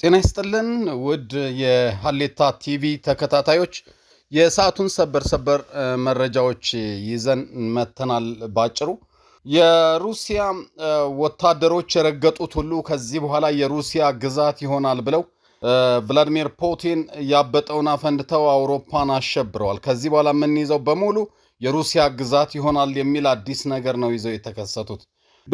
ጤና ይስጥልን ውድ የሀሌታ ቲቪ ተከታታዮች የሰዓቱን ሰበር ሰበር መረጃዎች ይዘን መተናል። ባጭሩ የሩሲያ ወታደሮች የረገጡት ሁሉ ከዚህ በኋላ የሩሲያ ግዛት ይሆናል ብለው ቭላዲሚር ፑቲን ያበጠውን አፈንድተው አውሮፓን አሸብረዋል። ከዚህ በኋላ የምንይዘው በሙሉ የሩሲያ ግዛት ይሆናል የሚል አዲስ ነገር ነው ይዘው የተከሰቱት።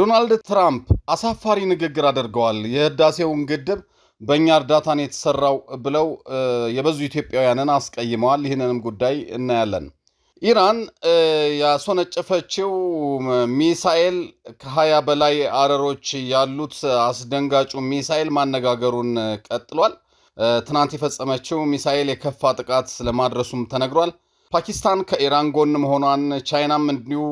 ዶናልድ ትራምፕ አሳፋሪ ንግግር አድርገዋል። የህዳሴውን ግድብ በእኛ እርዳታን የተሰራው ብለው የበዙ ኢትዮጵያውያንን አስቀይመዋል። ይህንንም ጉዳይ እናያለን። ኢራን ያስወነጨፈችው ሚሳኤል ከሀያ በላይ አረሮች ያሉት አስደንጋጩ ሚሳኤል ማነጋገሩን ቀጥሏል። ትናንት የፈጸመችው ሚሳኤል የከፋ ጥቃት ለማድረሱም ተነግሯል። ፓኪስታን ከኢራን ጎን መሆኗን፣ ቻይናም እንዲሁ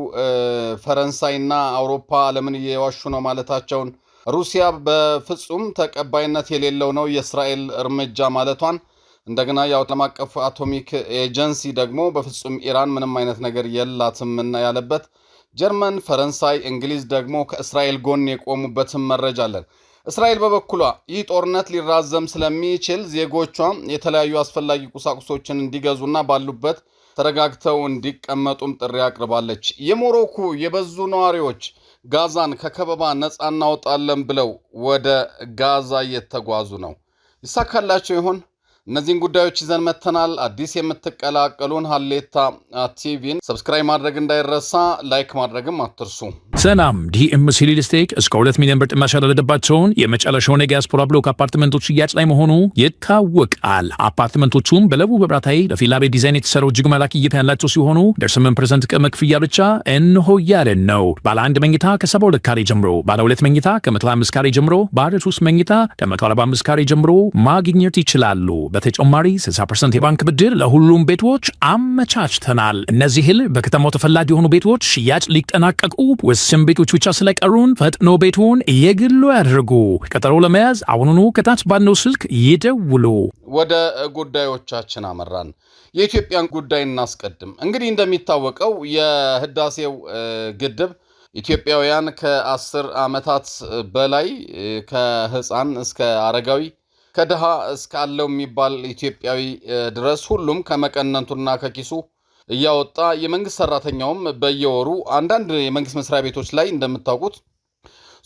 ፈረንሳይና አውሮፓ ዓለምን እየዋሹ ነው ማለታቸውን ሩሲያ በፍጹም ተቀባይነት የሌለው ነው የእስራኤል እርምጃ ማለቷን እንደገና የዓለም አቀፉ አቶሚክ ኤጀንሲ ደግሞ በፍጹም ኢራን ምንም አይነት ነገር የላትም እና ያለበት ጀርመን፣ ፈረንሳይ፣ እንግሊዝ ደግሞ ከእስራኤል ጎን የቆሙበትን መረጃ አለን። እስራኤል በበኩሏ ይህ ጦርነት ሊራዘም ስለሚችል ዜጎቿ የተለያዩ አስፈላጊ ቁሳቁሶችን እንዲገዙና ባሉበት ተረጋግተው እንዲቀመጡም ጥሪ አቅርባለች። የሞሮኮ የበዙ ነዋሪዎች ጋዛን ከከበባ ነፃ እናወጣለን ብለው ወደ ጋዛ እየተጓዙ ነው። ይሳካላቸው ይሆን? እነዚህን ጉዳዮች ይዘን መተናል። አዲስ የምትቀላቀሉን ሀሌታ ቲቪን ሰብስክራይብ ማድረግ እንዳይረሳ፣ ላይክ ማድረግም አትርሱ። ሰላም ዲኤምሲ ሪል ስቴት እስከ ሁለት ሚሊዮን ብር ጥማሽ ያደረገባቸውን የመጨረሻውን የዲያስፖራ ብሎክ አፓርትመንቶች ሽያጭ ላይ መሆኑ ይታወቃል። አፓርትመንቶቹም በለቡ በብራታዊ ለፊላ ቤት ዲዛይን የተሰራው እጅግ መላክ እይታ ያላቸው ሲሆኑ ደርስምን ፐርሰንት ቅድመ ክፍያ ብቻ እንሆ ያለን ነው። ባለ አንድ መኝታ ከሰባ ሁለት ካሬ ጀምሮ፣ ባለ ሁለት መኝታ ከመቶ አምስት ካሬ ጀምሮ፣ ባለ ሶስት መኝታ ከመቶ አርባ አምስት ካሬ ጀምሮ ማግኘት ይችላሉ። በተጨማሪ 60 የባንክ ብድር ለሁሉም ቤቶች አመቻችተናል። እነዚህን በከተማው ተፈላጊ የሆኑ ቤቶች ሽያጭ ሊጠናቀቁ ውስን ቤቶች ብቻ ስለቀሩን ፈጥኖ ቤቱን የግሉ ያድርጉ። ቀጠሮ ለመያዝ አሁኑኑ ከታች ባለው ስልክ ይደውሉ። ወደ ጉዳዮቻችን አመራን። የኢትዮጵያን ጉዳይ እናስቀድም። እንግዲህ እንደሚታወቀው የህዳሴው ግድብ ኢትዮጵያውያን ከአስር ዓመታት በላይ ከህፃን እስከ አረጋዊ ከድሃ እስካለው የሚባል ኢትዮጵያዊ ድረስ ሁሉም ከመቀነቱና ከኪሱ እያወጣ የመንግስት ሰራተኛውም በየወሩ አንዳንድ የመንግስት መስሪያ ቤቶች ላይ እንደምታውቁት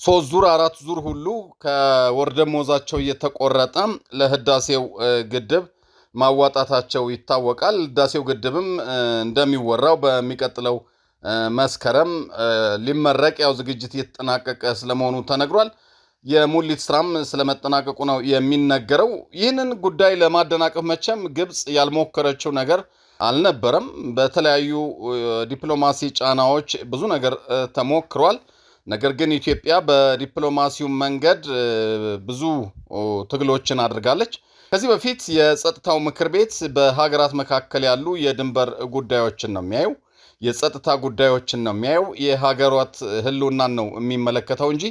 ሶስት ዙር አራት ዙር ሁሉ ከወር ደመወዛቸው እየተቆረጠ ለህዳሴው ግድብ ማዋጣታቸው ይታወቃል። ህዳሴው ግድብም እንደሚወራው በሚቀጥለው መስከረም ሊመረቅ ያው ዝግጅት እየተጠናቀቀ ስለመሆኑ ተነግሯል። የሙሊት ስራም ስለመጠናቀቁ ነው የሚነገረው። ይህንን ጉዳይ ለማደናቀፍ መቼም ግብፅ ያልሞከረችው ነገር አልነበረም። በተለያዩ ዲፕሎማሲ ጫናዎች ብዙ ነገር ተሞክሯል። ነገር ግን ኢትዮጵያ በዲፕሎማሲው መንገድ ብዙ ትግሎችን አድርጋለች። ከዚህ በፊት የጸጥታው ምክር ቤት በሀገራት መካከል ያሉ የድንበር ጉዳዮችን ነው የሚያየው። የጸጥታ ጉዳዮችን ነው የሚያየው፣ የሀገሯት ህልውናን ነው የሚመለከተው እንጂ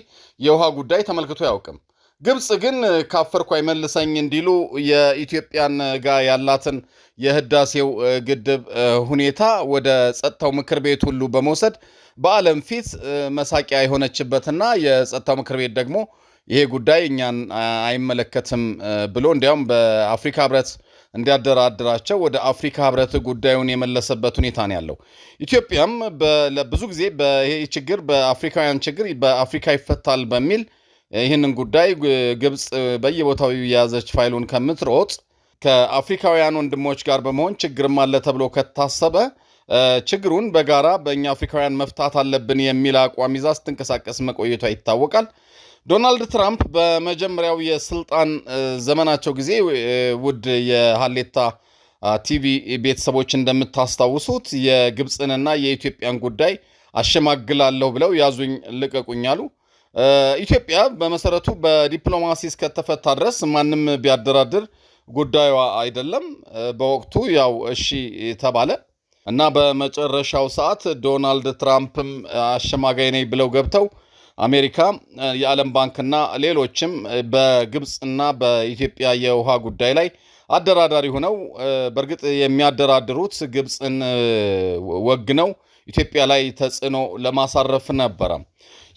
የውሃ ጉዳይ ተመልክቶ አያውቅም። ግብፅ ግን ካፈርኩ አይመልሰኝ እንዲሉ የኢትዮጵያን ጋር ያላትን የህዳሴው ግድብ ሁኔታ ወደ ጸጥታው ምክር ቤት ሁሉ በመውሰድ በዓለም ፊት መሳቂያ የሆነችበትና የጸጥታው ምክር ቤት ደግሞ ይሄ ጉዳይ እኛን አይመለከትም ብሎ እንዲያውም በአፍሪካ ህብረት እንዲያደራድራቸው ወደ አፍሪካ ህብረት ጉዳዩን የመለሰበት ሁኔታ ነው ያለው። ኢትዮጵያም ብዙ ጊዜ ይህ ችግር በአፍሪካውያን ችግር በአፍሪካ ይፈታል በሚል ይህንን ጉዳይ ግብፅ በየቦታው የያዘች ፋይሉን ከምትሮጥ ከአፍሪካውያን ወንድሞች ጋር በመሆን ችግርም አለ ተብሎ ከታሰበ ችግሩን በጋራ በእኛ አፍሪካውያን መፍታት አለብን የሚል አቋም ይዛ ስትንቀሳቀስ መቆየቷ ይታወቃል። ዶናልድ ትራምፕ በመጀመሪያው የስልጣን ዘመናቸው ጊዜ ውድ የሀሌታ ቲቪ ቤተሰቦች እንደምታስታውሱት የግብፅንና የኢትዮጵያን ጉዳይ አሸማግላለሁ ብለው ያዙኝ ልቀቁኝ አሉ። ኢትዮጵያ በመሰረቱ በዲፕሎማሲ እስከተፈታ ድረስ ማንም ቢያደራድር ጉዳዩ አይደለም። በወቅቱ ያው እሺ ተባለ እና በመጨረሻው ሰዓት ዶናልድ ትራምፕም አሸማጋይ ነኝ ብለው ገብተው አሜሪካ፣ የዓለም ባንክና ሌሎችም በግብፅና በኢትዮጵያ የውሃ ጉዳይ ላይ አደራዳሪ ሆነው በእርግጥ የሚያደራድሩት ግብፅን ወግነው ኢትዮጵያ ላይ ተጽዕኖ ለማሳረፍ ነበረ።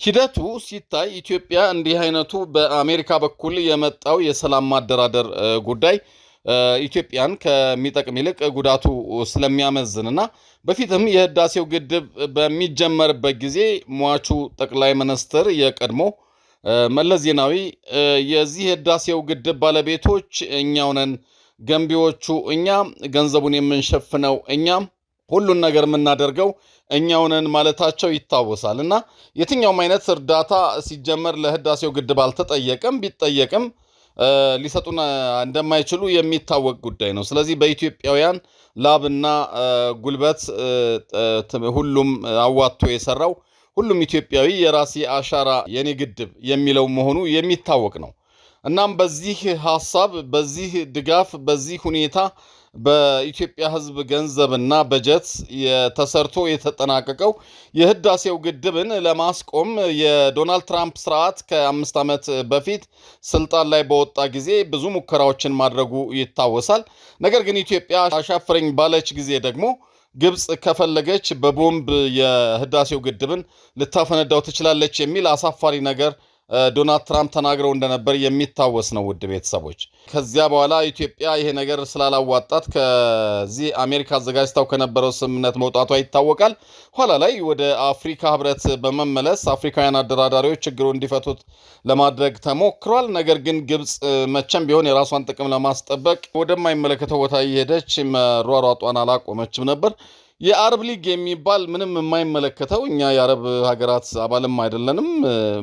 ሂደቱ ሲታይ ኢትዮጵያ እንዲህ አይነቱ በአሜሪካ በኩል የመጣው የሰላም ማደራደር ጉዳይ ኢትዮጵያን ከሚጠቅም ይልቅ ጉዳቱ ስለሚያመዝንና በፊትም የህዳሴው ግድብ በሚጀመርበት ጊዜ ሟቹ ጠቅላይ ሚኒስትር የቀድሞ መለስ ዜናዊ የዚህ ህዳሴው ግድብ ባለቤቶች እኛው ነን፣ ገንቢዎቹ እኛ፣ ገንዘቡን የምንሸፍነው እኛ፣ ሁሉን ነገር የምናደርገው እኛው ነን ማለታቸው ይታወሳል። እና የትኛውም አይነት እርዳታ ሲጀመር ለህዳሴው ግድብ አልተጠየቀም። ቢጠየቅም ሊሰጡን እንደማይችሉ የሚታወቅ ጉዳይ ነው። ስለዚህ በኢትዮጵያውያን ላብና ጉልበት ሁሉም አዋጥቶ የሰራው ሁሉም ኢትዮጵያዊ የራሴ አሻራ የኔ ግድብ የሚለው መሆኑ የሚታወቅ ነው። እናም በዚህ ሀሳብ፣ በዚህ ድጋፍ፣ በዚህ ሁኔታ በኢትዮጵያ ሕዝብ ገንዘብና በጀት ተሰርቶ የተጠናቀቀው የህዳሴው ግድብን ለማስቆም የዶናልድ ትራምፕ ስርዓት ከአምስት ዓመት በፊት ስልጣን ላይ በወጣ ጊዜ ብዙ ሙከራዎችን ማድረጉ ይታወሳል። ነገር ግን ኢትዮጵያ አሻፍረኝ ባለች ጊዜ ደግሞ ግብፅ ከፈለገች በቦምብ የህዳሴው ግድብን ልታፈነዳው ትችላለች የሚል አሳፋሪ ነገር ዶናልድ ትራምፕ ተናግረው እንደነበር የሚታወስ ነው። ውድ ቤተሰቦች ከዚያ በኋላ ኢትዮጵያ ይሄ ነገር ስላላዋጣት ከዚህ አሜሪካ አዘጋጅታው ከነበረው ስምምነት መውጣቷ ይታወቃል። ኋላ ላይ ወደ አፍሪካ ህብረት በመመለስ አፍሪካውያን አደራዳሪዎች ችግሩ እንዲፈቱት ለማድረግ ተሞክሯል። ነገር ግን ግብፅ መቼም ቢሆን የራሷን ጥቅም ለማስጠበቅ ወደማይመለከተው ቦታ እየሄደች መሯሯጧን አላቆመችም ነበር። የአረብ ሊግ የሚባል ምንም የማይመለከተው እኛ የአረብ ሀገራት አባልም አይደለንም፣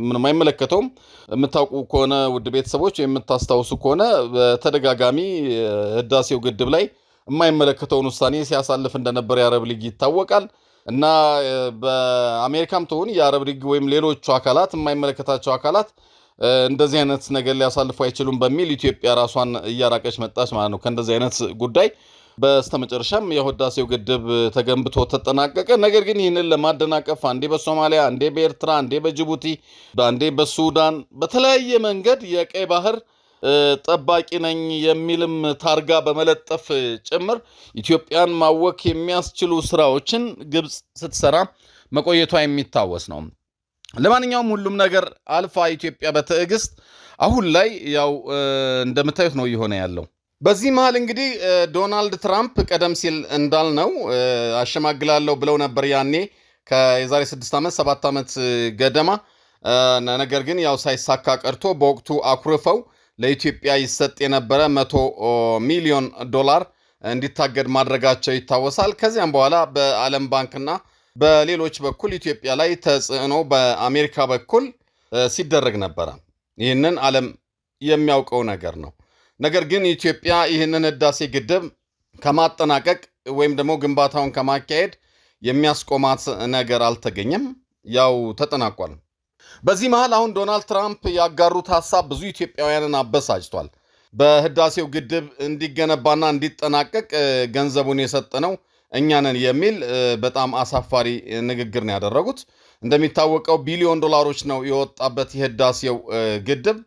ምንም አይመለከተውም። የምታውቁ ከሆነ ውድ ቤተሰቦች የምታስታውሱ ከሆነ በተደጋጋሚ ህዳሴው ግድብ ላይ የማይመለከተውን ውሳኔ ሲያሳልፍ እንደነበር የአረብ ሊግ ይታወቃል። እና በአሜሪካም ትሁን የአረብ ሊግ ወይም ሌሎቹ አካላት የማይመለከታቸው አካላት እንደዚህ አይነት ነገር ሊያሳልፉ አይችሉም በሚል ኢትዮጵያ ራሷን እያራቀች መጣች ማለት ነው ከእንደዚህ አይነት ጉዳይ በስተመጨረሻም የህዳሴው ግድብ ተገንብቶ ተጠናቀቀ። ነገር ግን ይህንን ለማደናቀፍ አንዴ በሶማሊያ አንዴ በኤርትራ አንዴ በጅቡቲ አንዴ በሱዳን በተለያየ መንገድ የቀይ ባህር ጠባቂ ነኝ የሚልም ታርጋ በመለጠፍ ጭምር ኢትዮጵያን ማወክ የሚያስችሉ ስራዎችን ግብፅ ስትሰራ መቆየቷ የሚታወስ ነው። ለማንኛውም ሁሉም ነገር አልፋ ኢትዮጵያ በትዕግስት አሁን ላይ ያው እንደምታዩት ነው እየሆነ ያለው። በዚህ መሀል እንግዲህ ዶናልድ ትራምፕ ቀደም ሲል እንዳልነው አሸማግላለሁ ብለው ነበር ያኔ ከየዛሬ ስድስት ዓመት ሰባት ዓመት ገደማ ነገር ግን ያው ሳይሳካ ቀርቶ በወቅቱ አኩርፈው ለኢትዮጵያ ይሰጥ የነበረ መቶ ሚሊዮን ዶላር እንዲታገድ ማድረጋቸው ይታወሳል። ከዚያም በኋላ በዓለም ባንክና በሌሎች በኩል ኢትዮጵያ ላይ ተጽዕኖ በአሜሪካ በኩል ሲደረግ ነበረ። ይህንን ዓለም የሚያውቀው ነገር ነው። ነገር ግን ኢትዮጵያ ይህንን ህዳሴ ግድብ ከማጠናቀቅ ወይም ደግሞ ግንባታውን ከማካሄድ የሚያስቆማት ነገር አልተገኘም። ያው ተጠናቋል። በዚህ መሃል አሁን ዶናልድ ትራምፕ ያጋሩት ሀሳብ ብዙ ኢትዮጵያውያንን አበሳጭቷል። በህዳሴው ግድብ እንዲገነባና እንዲጠናቀቅ ገንዘቡን የሰጠነው ነው ነን የሚል በጣም አሳፋሪ ንግግር ነው ያደረጉት። እንደሚታወቀው ቢሊዮን ዶላሮች ነው የወጣበት የህዳሴው ግድብ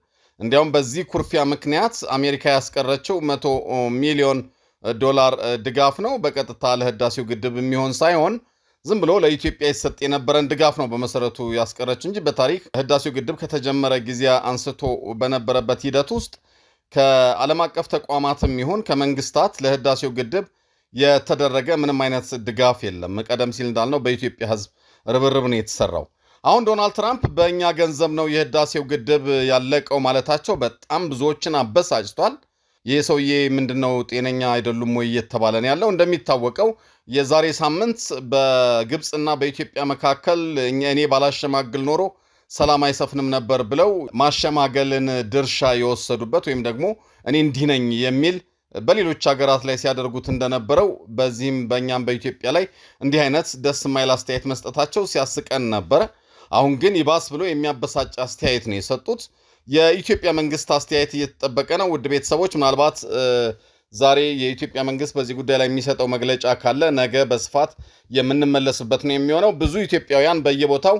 እንዲያውም በዚህ ኩርፊያ ምክንያት አሜሪካ ያስቀረችው መቶ ሚሊዮን ዶላር ድጋፍ ነው። በቀጥታ ለህዳሴው ግድብ የሚሆን ሳይሆን ዝም ብሎ ለኢትዮጵያ ይሰጥ የነበረን ድጋፍ ነው በመሰረቱ ያስቀረች እንጂ በታሪክ ህዳሴው ግድብ ከተጀመረ ጊዜ አንስቶ በነበረበት ሂደት ውስጥ ከዓለም አቀፍ ተቋማትም ይሁን ከመንግስታት ለህዳሴው ግድብ የተደረገ ምንም አይነት ድጋፍ የለም። ቀደም ሲል እንዳልነው በኢትዮጵያ ህዝብ ርብርብ ነው የተሰራው። አሁን ዶናልድ ትራምፕ በእኛ ገንዘብ ነው የህዳሴው ግድብ ያለቀው ማለታቸው በጣም ብዙዎችን አበሳጭቷል። ይህ ሰውዬ ምንድነው ጤነኛ አይደሉም ወይ እየተባለ ነው ያለው። እንደሚታወቀው የዛሬ ሳምንት በግብፅና በኢትዮጵያ መካከል እኔ ባላሸማግል ኖሮ ሰላም አይሰፍንም ነበር ብለው ማሸማገልን ድርሻ የወሰዱበት ወይም ደግሞ እኔ እንዲህ ነኝ የሚል በሌሎች ሀገራት ላይ ሲያደርጉት እንደነበረው በዚህም በእኛም በኢትዮጵያ ላይ እንዲህ አይነት ደስ የማይል አስተያየት መስጠታቸው ሲያስቀን ነበረ። አሁን ግን ይባስ ብሎ የሚያበሳጭ አስተያየት ነው የሰጡት። የኢትዮጵያ መንግስት አስተያየት እየተጠበቀ ነው። ውድ ቤተሰቦች ምናልባት ዛሬ የኢትዮጵያ መንግስት በዚህ ጉዳይ ላይ የሚሰጠው መግለጫ ካለ ነገ በስፋት የምንመለስበት ነው የሚሆነው። ብዙ ኢትዮጵያውያን በየቦታው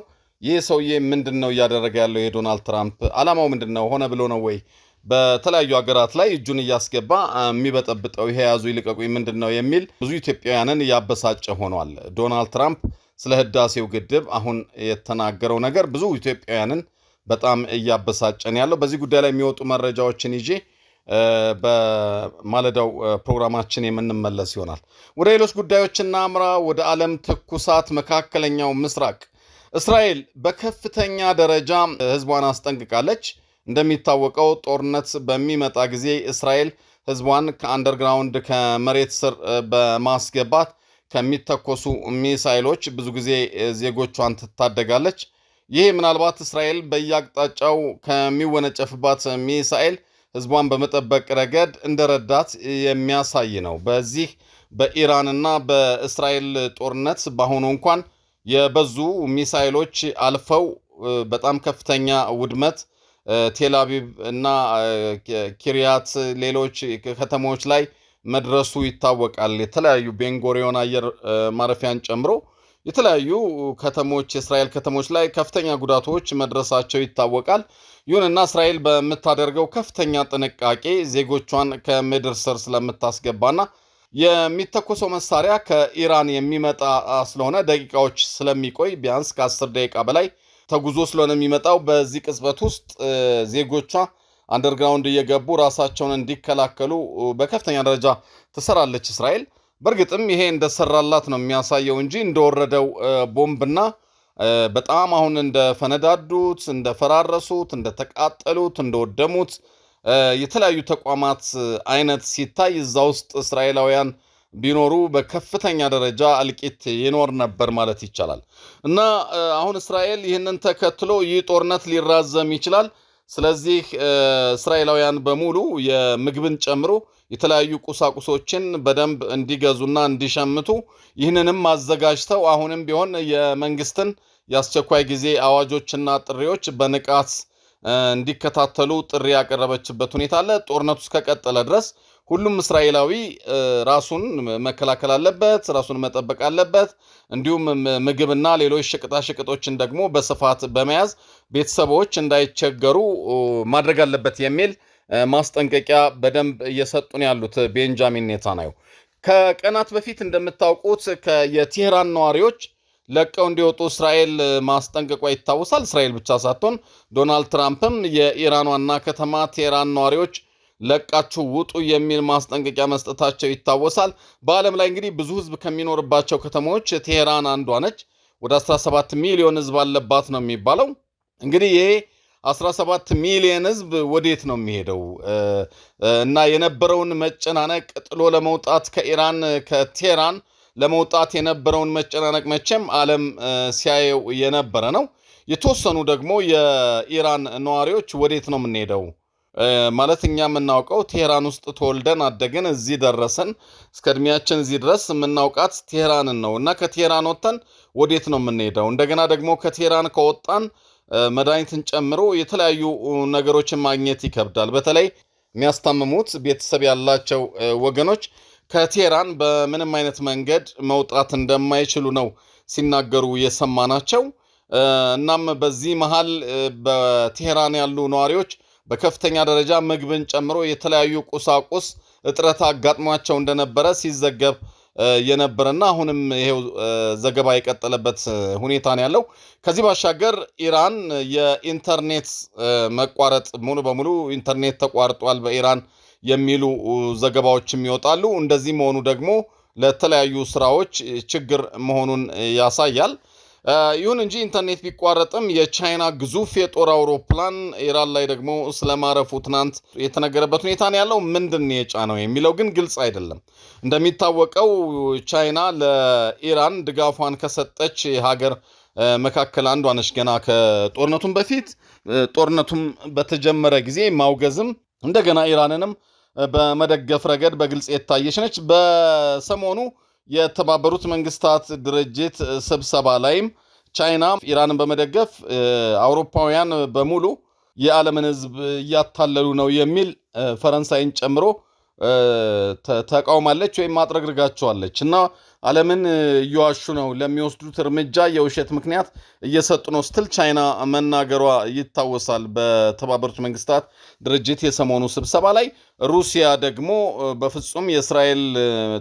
ይህ ሰውዬ ምንድን ነው እያደረገ ያለው? የዶናልድ ትራምፕ አላማው ምንድን ነው? ሆነ ብሎ ነው ወይ በተለያዩ ሀገራት ላይ እጁን እያስገባ የሚበጠብጠው? ይሄ ያዙ ይልቀቁኝ ምንድን ነው የሚል ብዙ ኢትዮጵያውያንን እያበሳጨ ሆኗል ዶናልድ ትራምፕ ስለ ህዳሴው ግድብ አሁን የተናገረው ነገር ብዙ ኢትዮጵያውያንን በጣም እያበሳጨን ያለው በዚህ ጉዳይ ላይ የሚወጡ መረጃዎችን ይዤ በማለዳው ፕሮግራማችን የምንመለስ ይሆናል። ወደ ሌሎች ጉዳዮች እናምራ። ወደ ዓለም ትኩሳት መካከለኛው ምስራቅ እስራኤል በከፍተኛ ደረጃ ህዝቧን አስጠንቅቃለች። እንደሚታወቀው ጦርነት በሚመጣ ጊዜ እስራኤል ህዝቧን ከአንደርግራውንድ ከመሬት ስር በማስገባት ከሚተኮሱ ሚሳይሎች ብዙ ጊዜ ዜጎቿን ትታደጋለች። ይህ ምናልባት እስራኤል በየአቅጣጫው ከሚወነጨፍባት ሚሳኤል ህዝቧን በመጠበቅ ረገድ እንደረዳት የሚያሳይ ነው። በዚህ በኢራንና በእስራኤል ጦርነት በአሁኑ እንኳን የበዙ ሚሳይሎች አልፈው በጣም ከፍተኛ ውድመት ቴል አቪቭ እና ኪሪያት ሌሎች ከተሞች ላይ መድረሱ ይታወቃል። የተለያዩ ቤንጎሪዮን አየር ማረፊያን ጨምሮ የተለያዩ ከተሞች የእስራኤል ከተሞች ላይ ከፍተኛ ጉዳቶች መድረሳቸው ይታወቃል። ይሁንና እስራኤል በምታደርገው ከፍተኛ ጥንቃቄ ዜጎቿን ከምድር ስር ስለምታስገባና የሚተኮሰው መሳሪያ ከኢራን የሚመጣ ስለሆነ ደቂቃዎች ስለሚቆይ ቢያንስ ከአስር ደቂቃ በላይ ተጉዞ ስለሆነ የሚመጣው በዚህ ቅጽበት ውስጥ ዜጎቿ አንደርግራውንድ እየገቡ ራሳቸውን እንዲከላከሉ በከፍተኛ ደረጃ ትሰራለች እስራኤል። በእርግጥም ይሄ እንደሰራላት ነው የሚያሳየው እንጂ እንደወረደው ቦምብና በጣም አሁን እንደፈነዳዱት፣ እንደፈራረሱት፣ እንደተቃጠሉት፣ እንደወደሙት የተለያዩ ተቋማት አይነት ሲታይ እዛ ውስጥ እስራኤላውያን ቢኖሩ በከፍተኛ ደረጃ እልቂት ይኖር ነበር ማለት ይቻላል። እና አሁን እስራኤል ይህንን ተከትሎ ይህ ጦርነት ሊራዘም ይችላል ስለዚህ እስራኤላውያን በሙሉ የምግብን ጨምሮ የተለያዩ ቁሳቁሶችን በደንብ እንዲገዙና እንዲሸምቱ ይህንንም አዘጋጅተው አሁንም ቢሆን የመንግስትን የአስቸኳይ ጊዜ አዋጆችና ጥሪዎች በንቃት እንዲከታተሉ ጥሪ ያቀረበችበት ሁኔታ አለ። ጦርነቱ እስከቀጠለ ድረስ ሁሉም እስራኤላዊ ራሱን መከላከል አለበት፣ ራሱን መጠበቅ አለበት። እንዲሁም ምግብና ሌሎች ሸቀጣሸቀጦችን ደግሞ በስፋት በመያዝ ቤተሰቦች እንዳይቸገሩ ማድረግ አለበት የሚል ማስጠንቀቂያ በደንብ እየሰጡን ያሉት ቤንጃሚን ኔታንያሁ ከቀናት በፊት እንደምታውቁት የቴህራን ነዋሪዎች ለቀው እንዲወጡ እስራኤል ማስጠንቀቋ ይታወሳል። እስራኤል ብቻ ሳትሆን ዶናልድ ትራምፕም የኢራን ዋና ከተማ ቴህራን ነዋሪዎች ለቃችሁ ውጡ የሚል ማስጠንቀቂያ መስጠታቸው ይታወሳል። በዓለም ላይ እንግዲህ ብዙ ህዝብ ከሚኖርባቸው ከተሞች ቴሄራን አንዷ ነች። ወደ 17 ሚሊዮን ህዝብ አለባት ነው የሚባለው። እንግዲህ ይሄ 17 ሚሊዮን ህዝብ ወዴት ነው የሚሄደው? እና የነበረውን መጨናነቅ ጥሎ ለመውጣት ከኢራን ከቴራን ለመውጣት የነበረውን መጨናነቅ መቼም ዓለም ሲያየው የነበረ ነው። የተወሰኑ ደግሞ የኢራን ነዋሪዎች ወዴት ነው የምንሄደው ማለት እኛ የምናውቀው ቴሄራን ውስጥ ተወልደን አደግን፣ እዚህ ደረሰን። እስከ እድሜያችን እዚህ ድረስ የምናውቃት ቴሄራንን ነው እና ከቴሄራን ወጥተን ወዴት ነው የምንሄደው? እንደገና ደግሞ ከቴሄራን ከወጣን መድኃኒትን ጨምሮ የተለያዩ ነገሮችን ማግኘት ይከብዳል። በተለይ የሚያስታምሙት ቤተሰብ ያላቸው ወገኖች ከቴሄራን በምንም አይነት መንገድ መውጣት እንደማይችሉ ነው ሲናገሩ የሰማናቸው። እናም በዚህ መሀል በቴሄራን ያሉ ነዋሪዎች በከፍተኛ ደረጃ ምግብን ጨምሮ የተለያዩ ቁሳቁስ እጥረት አጋጥሟቸው እንደነበረ ሲዘገብ የነበረና አሁንም ይሄው ዘገባ የቀጠለበት ሁኔታ ነው ያለው። ከዚህ ባሻገር ኢራን የኢንተርኔት መቋረጥ ሙሉ በሙሉ ኢንተርኔት ተቋርጧል በኢራን የሚሉ ዘገባዎችም ይወጣሉ። እንደዚህ መሆኑ ደግሞ ለተለያዩ ስራዎች ችግር መሆኑን ያሳያል። ይሁን እንጂ ኢንተርኔት ቢቋረጥም የቻይና ግዙፍ የጦር አውሮፕላን ኢራን ላይ ደግሞ ስለማረፉ ትናንት የተነገረበት ሁኔታ ነው ያለው። ምንድን ነው የጫነው የሚለው ግን ግልጽ አይደለም። እንደሚታወቀው ቻይና ለኢራን ድጋፏን ከሰጠች ሀገር መካከል አንዷ ነች። ገና ከጦርነቱም በፊት ጦርነቱም በተጀመረ ጊዜ ማውገዝም እንደገና ኢራንንም በመደገፍ ረገድ በግልጽ የታየች ነች። በሰሞኑ የተባበሩት መንግስታት ድርጅት ስብሰባ ላይም ቻይና ኢራንን በመደገፍ አውሮፓውያን በሙሉ የዓለምን ሕዝብ እያታለሉ ነው የሚል ፈረንሳይን ጨምሮ ተቃውማለች ወይም አጥረግርጋቸዋለች እና ዓለምን እየዋሹ ነው፣ ለሚወስዱት እርምጃ የውሸት ምክንያት እየሰጡ ነው ስትል ቻይና መናገሯ ይታወሳል። በተባበሩት መንግስታት ድርጅት የሰሞኑ ስብሰባ ላይ ሩሲያ ደግሞ በፍጹም የእስራኤል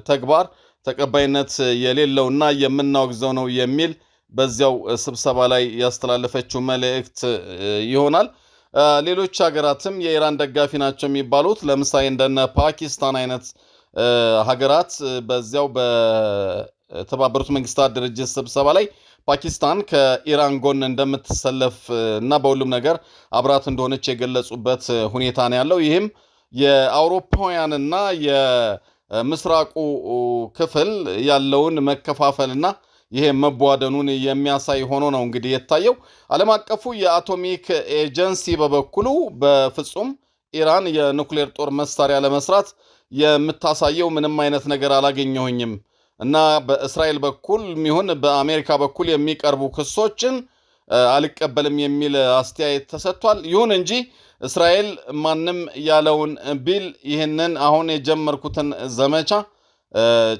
ተግባር ተቀባይነት የሌለውና የምናወግዘው ነው የሚል በዚያው ስብሰባ ላይ ያስተላለፈችው መልእክት ይሆናል። ሌሎች ሀገራትም የኢራን ደጋፊ ናቸው የሚባሉት ለምሳሌ እንደነ ፓኪስታን አይነት ሀገራት በዚያው በተባበሩት መንግስታት ድርጅት ስብሰባ ላይ ፓኪስታን ከኢራን ጎን እንደምትሰለፍ እና በሁሉም ነገር አብራት እንደሆነች የገለጹበት ሁኔታ ነው ያለው። ይህም የአውሮፓውያንና ምስራቁ ክፍል ያለውን መከፋፈልና ይሄ መቧደኑን የሚያሳይ ሆኖ ነው እንግዲህ የታየው። ዓለም አቀፉ የአቶሚክ ኤጀንሲ በበኩሉ በፍጹም ኢራን የኑክሌር ጦር መሳሪያ ለመስራት የምታሳየው ምንም አይነት ነገር አላገኘሁኝም እና በእስራኤል በኩል ሚሆን በአሜሪካ በኩል የሚቀርቡ ክሶችን አልቀበልም የሚል አስተያየት ተሰጥቷል። ይሁን እንጂ እስራኤል ማንም ያለውን ቢል ይህንን አሁን የጀመርኩትን ዘመቻ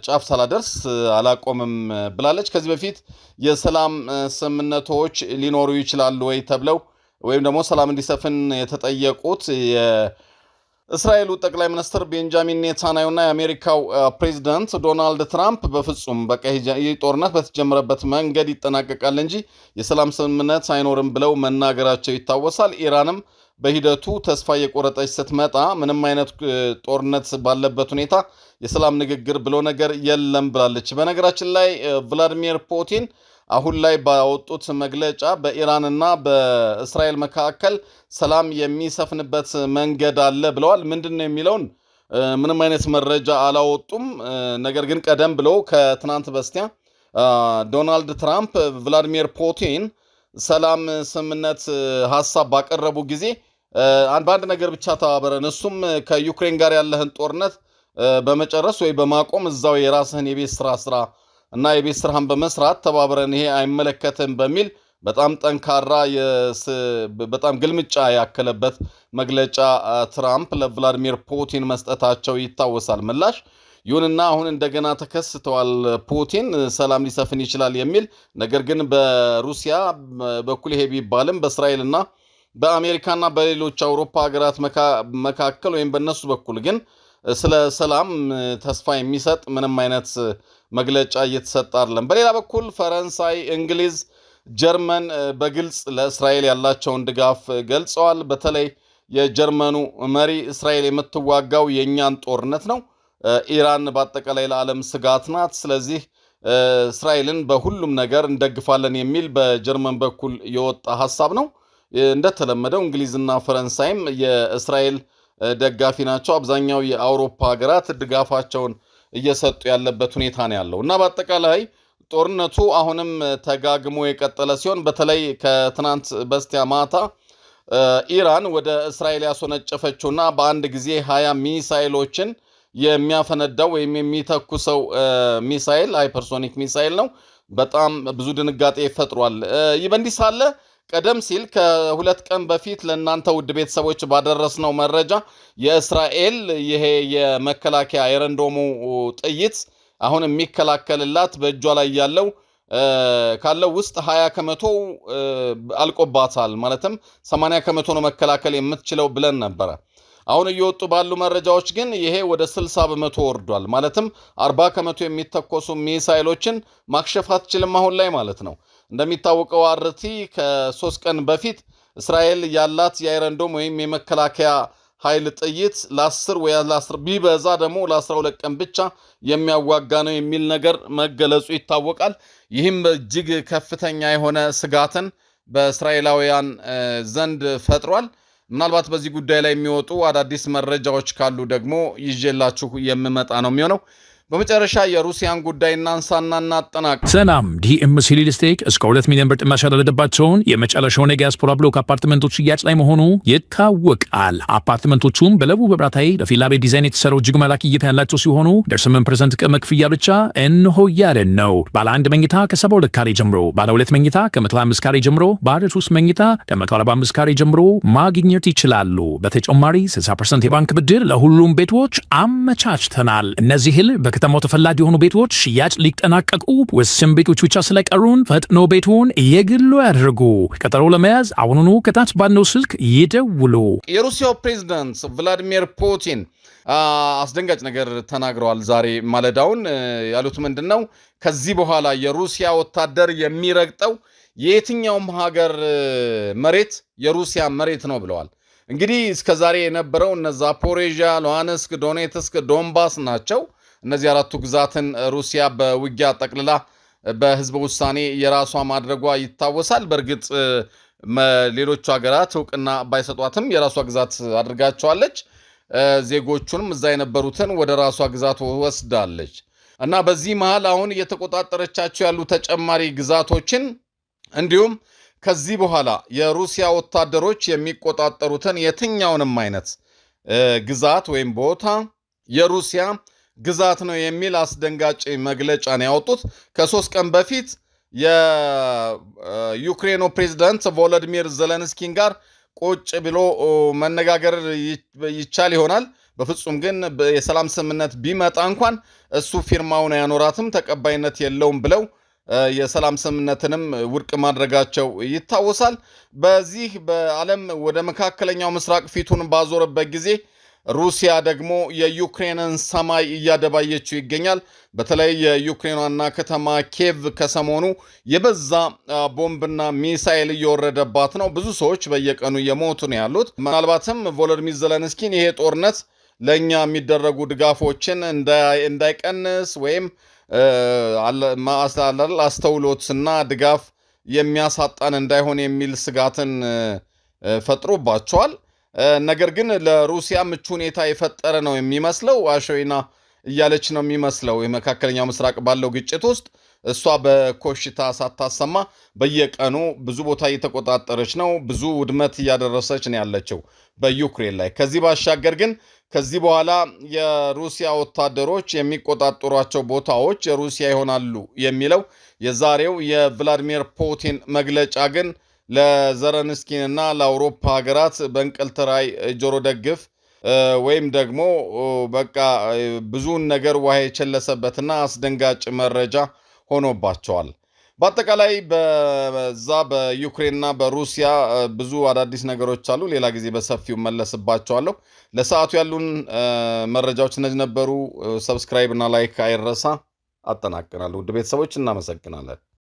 ጫፍ ሳላደርስ አላቆምም ብላለች። ከዚህ በፊት የሰላም ስምምነቶች ሊኖሩ ይችላሉ ወይ ተብለው ወይም ደግሞ ሰላም እንዲሰፍን የተጠየቁት የእስራኤሉ ጠቅላይ ሚኒስትር ቤንጃሚን ኔታንያሁና የአሜሪካው ፕሬዚደንት ዶናልድ ትራምፕ በፍጹም በቃ ይህ ጦርነት በተጀመረበት መንገድ ይጠናቀቃል እንጂ የሰላም ስምምነት አይኖርም ብለው መናገራቸው ይታወሳል። ኢራንም በሂደቱ ተስፋ የቆረጠች ስትመጣ ምንም አይነት ጦርነት ባለበት ሁኔታ የሰላም ንግግር ብሎ ነገር የለም ብላለች። በነገራችን ላይ ቭላዲሚር ፑቲን አሁን ላይ ባወጡት መግለጫ በኢራንና በእስራኤል መካከል ሰላም የሚሰፍንበት መንገድ አለ ብለዋል። ምንድን ነው የሚለውን ምንም አይነት መረጃ አላወጡም። ነገር ግን ቀደም ብሎ ከትናንት በስቲያ ዶናልድ ትራምፕ ቭላዲሚር ፑቲን ሰላም ስምምነት ሀሳብ ባቀረቡ ጊዜ በአንድ ነገር ብቻ ተባበረን፣ እሱም ከዩክሬን ጋር ያለህን ጦርነት በመጨረስ ወይ በማቆም እዛው የራስህን የቤት ስራ ስራ እና የቤት ስራህን በመስራት ተባብረን፣ ይሄ አይመለከትም በሚል በጣም ጠንካራ በጣም ግልምጫ ያከለበት መግለጫ ትራምፕ ለቭላዲሚር ፑቲን መስጠታቸው ይታወሳል። ምላሽ ይሁንና አሁን እንደገና ተከስተዋል። ፑቲን ሰላም ሊሰፍን ይችላል የሚል ነገር ግን በሩሲያ በኩል ይሄ ቢባልም በእስራኤልና በአሜሪካና በሌሎች አውሮፓ ሀገራት መካከል ወይም በእነሱ በኩል ግን ስለ ሰላም ተስፋ የሚሰጥ ምንም አይነት መግለጫ እየተሰጠ አይደለም። በሌላ በኩል ፈረንሳይ፣ እንግሊዝ፣ ጀርመን በግልጽ ለእስራኤል ያላቸውን ድጋፍ ገልጸዋል። በተለይ የጀርመኑ መሪ እስራኤል የምትዋጋው የእኛን ጦርነት ነው፣ ኢራን በአጠቃላይ ለዓለም ስጋት ናት፣ ስለዚህ እስራኤልን በሁሉም ነገር እንደግፋለን የሚል በጀርመን በኩል የወጣ ሀሳብ ነው። እንደተለመደው እንግሊዝና ፈረንሳይም የእስራኤል ደጋፊ ናቸው። አብዛኛው የአውሮፓ ሀገራት ድጋፋቸውን እየሰጡ ያለበት ሁኔታ ነው ያለው እና በአጠቃላይ ጦርነቱ አሁንም ተጋግሞ የቀጠለ ሲሆን በተለይ ከትናንት በስቲያ ማታ ኢራን ወደ እስራኤል ያስወነጨፈችውና በአንድ ጊዜ ሀያ ሚሳይሎችን የሚያፈነዳው ወይም የሚተኩሰው ሚሳይል ሃይፐርሶኒክ ሚሳይል ነው። በጣም ብዙ ድንጋጤ ፈጥሯል። ይህ በእንዲህ ሳለ ቀደም ሲል ከሁለት ቀን በፊት ለእናንተ ውድ ቤተሰቦች ባደረስነው መረጃ የእስራኤል ይሄ የመከላከያ የረንዶሙ ጥይት አሁን የሚከላከልላት በእጇ ላይ ያለው ካለው ውስጥ ሀያ ከመቶ አልቆባታል። ማለትም ሰማንያ ከመቶ ነው መከላከል የምትችለው ብለን ነበረ። አሁን እየወጡ ባሉ መረጃዎች ግን ይሄ ወደ 60 በመቶ ወርዷል። ማለትም 40 ከመቶ የሚተኮሱ ሚሳይሎችን ማክሸፍ አትችልም አሁን ላይ ማለት ነው። እንደሚታወቀው አርቲ ከሶስት ቀን በፊት እስራኤል ያላት የአይረንዶም ወይም የመከላከያ ኃይል ጥይት ለአስር ወይ ለአስር ቢበዛ ደግሞ ለአስራ ሁለት ቀን ብቻ የሚያዋጋ ነው የሚል ነገር መገለጹ ይታወቃል። ይህም እጅግ ከፍተኛ የሆነ ስጋትን በእስራኤላውያን ዘንድ ፈጥሯል። ምናልባት በዚህ ጉዳይ ላይ የሚወጡ አዳዲስ መረጃዎች ካሉ ደግሞ ይዤላችሁ የምመጣ ነው የሚሆነው። በመጨረሻ የሩሲያን ጉዳይ እናንሳና እናጠናቅ። ሰላም ዲኤምሲ ሪል እስቴት እስከ ሁለት ሚሊዮን ብር ጥመሻ ያደለደባቸውን የመጨረሻውን የዲያስፖራ ብሎክ አፓርትመንቶች ሽያጭ ላይ መሆኑ ይታወቃል። አፓርትመንቶቹም በለቡ በብራታዊ ለፊላ ቤት ዲዛይን የተሰራው እጅግ መላክ እይታ ያላቸው ሲሆኑ ደርስምን ፕሬዘንት ፐርሰንት ቅድመ ክፍያ ብቻ እንሆ ያለን ነው። ባለ አንድ መኝታ ከሰባ ሁለት ካሬ ጀምሮ፣ ባለ ሁለት መኝታ ከመቶ አምስት ካሬ ጀምሮ፣ ባለ ሶስት መኝታ ከመቶ አርባ አምስት ካሬ ጀምሮ ማግኘት ይችላሉ። በተጨማሪ ስልሳ ፐርሰንት የባንክ ብድር ለሁሉም ቤቶች አመቻችተናል። እነዚህል በ በከተማው ተፈላጊ የሆኑ ቤቶች ሽያጭ ሊጠናቀቁ ውስን ቤቶች ብቻ ስለቀሩን ፈጥኖ ቤቱን የግሎ ያድርጉ። ቀጠሮ ለመያዝ አሁኑኑ ከታች ባለው ስልክ ይደውሉ። የሩሲያው ፕሬዚዳንት ቭላዲሚር ፑቲን አስደንጋጭ ነገር ተናግረዋል። ዛሬ ማለዳውን ያሉት ምንድን ነው? ከዚህ በኋላ የሩሲያ ወታደር የሚረግጠው የየትኛውም ሀገር መሬት የሩሲያ መሬት ነው ብለዋል። እንግዲህ እስከዛሬ የነበረው እነ ዛፖሬዣ፣ ሉሃንስክ፣ ዶኔትስክ፣ ዶንባስ ናቸው። እነዚህ አራቱ ግዛትን ሩሲያ በውጊያ ጠቅልላ በህዝብ ውሳኔ የራሷ ማድረጓ ይታወሳል። በእርግጥ ሌሎቹ ሀገራት እውቅና ባይሰጧትም የራሷ ግዛት አድርጋቸዋለች። ዜጎቹንም እዛ የነበሩትን ወደ ራሷ ግዛት ወስዳለች እና በዚህ መሀል አሁን እየተቆጣጠረቻቸው ያሉ ተጨማሪ ግዛቶችን እንዲሁም ከዚህ በኋላ የሩሲያ ወታደሮች የሚቆጣጠሩትን የትኛውንም አይነት ግዛት ወይም ቦታ የሩሲያ ግዛት ነው የሚል አስደንጋጭ መግለጫ ነው ያወጡት። ከሶስት ቀን በፊት የዩክሬኑ ፕሬዚዳንት ቮሎዲሚር ዘለንስኪን ጋር ቁጭ ብሎ መነጋገር ይቻል ይሆናል። በፍጹም ግን የሰላም ስምምነት ቢመጣ እንኳን እሱ ፊርማውን አያኖራትም፣ ተቀባይነት የለውም ብለው የሰላም ስምምነትንም ውድቅ ማድረጋቸው ይታወሳል። በዚህ በዓለም ወደ መካከለኛው ምስራቅ ፊቱን ባዞረበት ጊዜ ሩሲያ ደግሞ የዩክሬንን ሰማይ እያደባየችው ይገኛል። በተለይ የዩክሬን ዋና ከተማ ኬቭ ከሰሞኑ የበዛ ቦምብና ሚሳይል እየወረደባት ነው። ብዙ ሰዎች በየቀኑ እየሞቱ ነው ያሉት። ምናልባትም ቮሎድሚር ዘለንስኪን ይሄ ጦርነት ለእኛ የሚደረጉ ድጋፎችን እንዳይቀንስ ወይም አስተውሎትና ድጋፍ የሚያሳጣን እንዳይሆን የሚል ስጋትን ፈጥሮባቸዋል። ነገር ግን ለሩሲያ ምቹ ሁኔታ የፈጠረ ነው የሚመስለው አሸዊና እያለች ነው የሚመስለው የመካከለኛው ምስራቅ ባለው ግጭት ውስጥ እሷ በኮሽታ ሳታሰማ በየቀኑ ብዙ ቦታ እየተቆጣጠረች ነው፣ ብዙ ውድመት እያደረሰች ነው ያለችው በዩክሬን ላይ። ከዚህ ባሻገር ግን ከዚህ በኋላ የሩሲያ ወታደሮች የሚቆጣጠሯቸው ቦታዎች የሩሲያ ይሆናሉ የሚለው የዛሬው የቭላዲሚር ፑቲን መግለጫ ግን እና ለአውሮፓ ሀገራት በእንቅልት ራይ ጆሮ ደግፍ ወይም ደግሞ በቃ ብዙውን ነገር ውሃ የቸለሰበትና አስደንጋጭ መረጃ ሆኖባቸዋል። በአጠቃላይ በዛ በዩክሬንና በሩሲያ ብዙ አዳዲስ ነገሮች አሉ። ሌላ ጊዜ በሰፊው መለስባቸዋለሁ። ለሰዓቱ ያሉን መረጃዎች እነዚህ ነበሩ። ሰብስክራይብ እና ላይክ አይረሳ። አጠናቅናለሁ። ውድ ቤተሰቦች እናመሰግናለን።